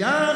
yaa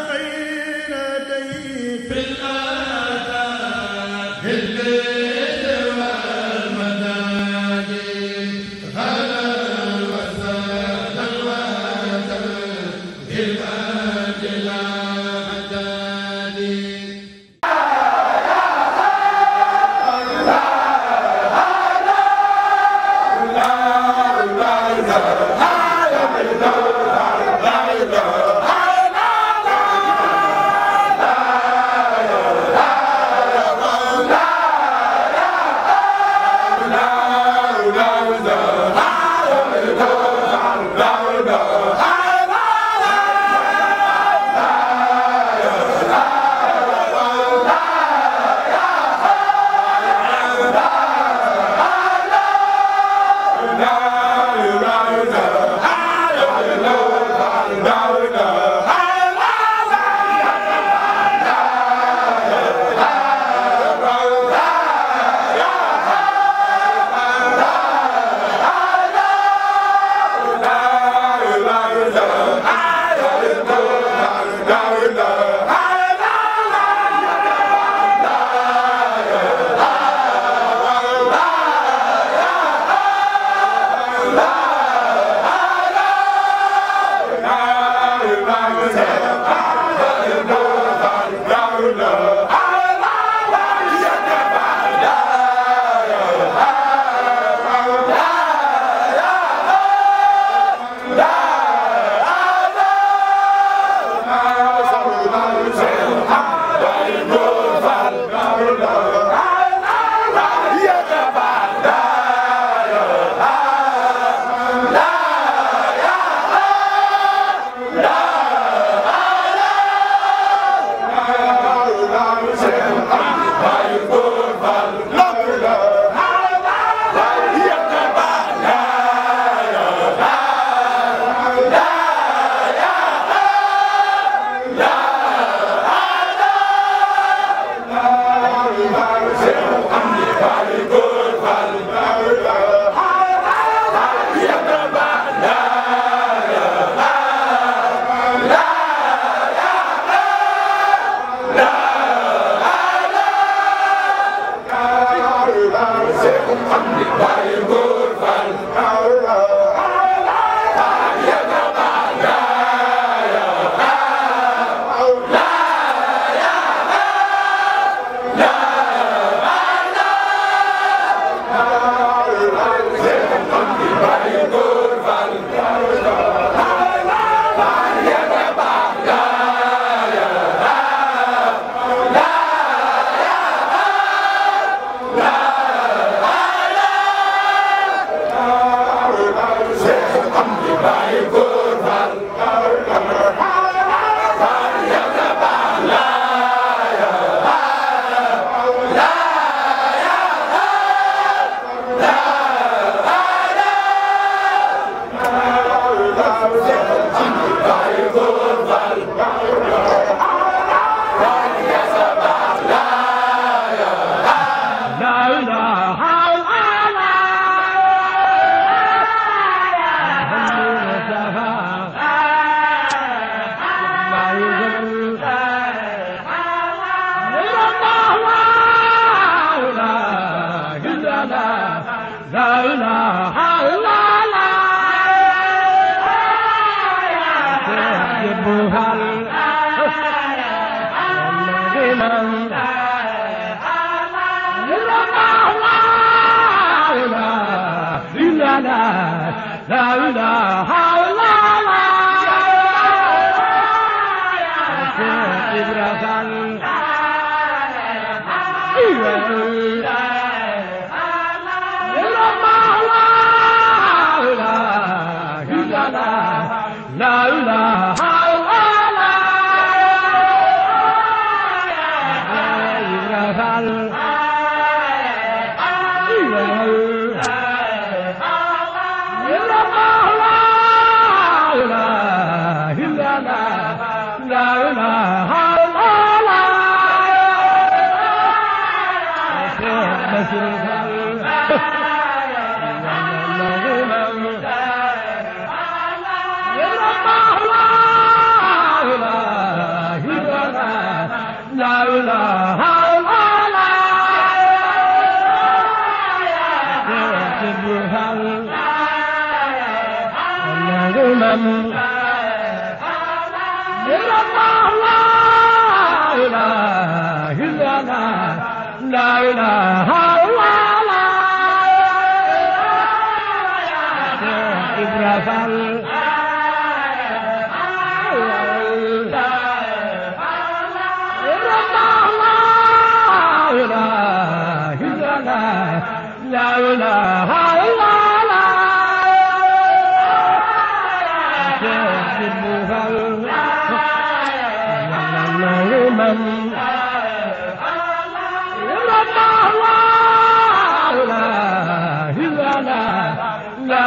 يجبها الغمام لا لا لا لا la la la la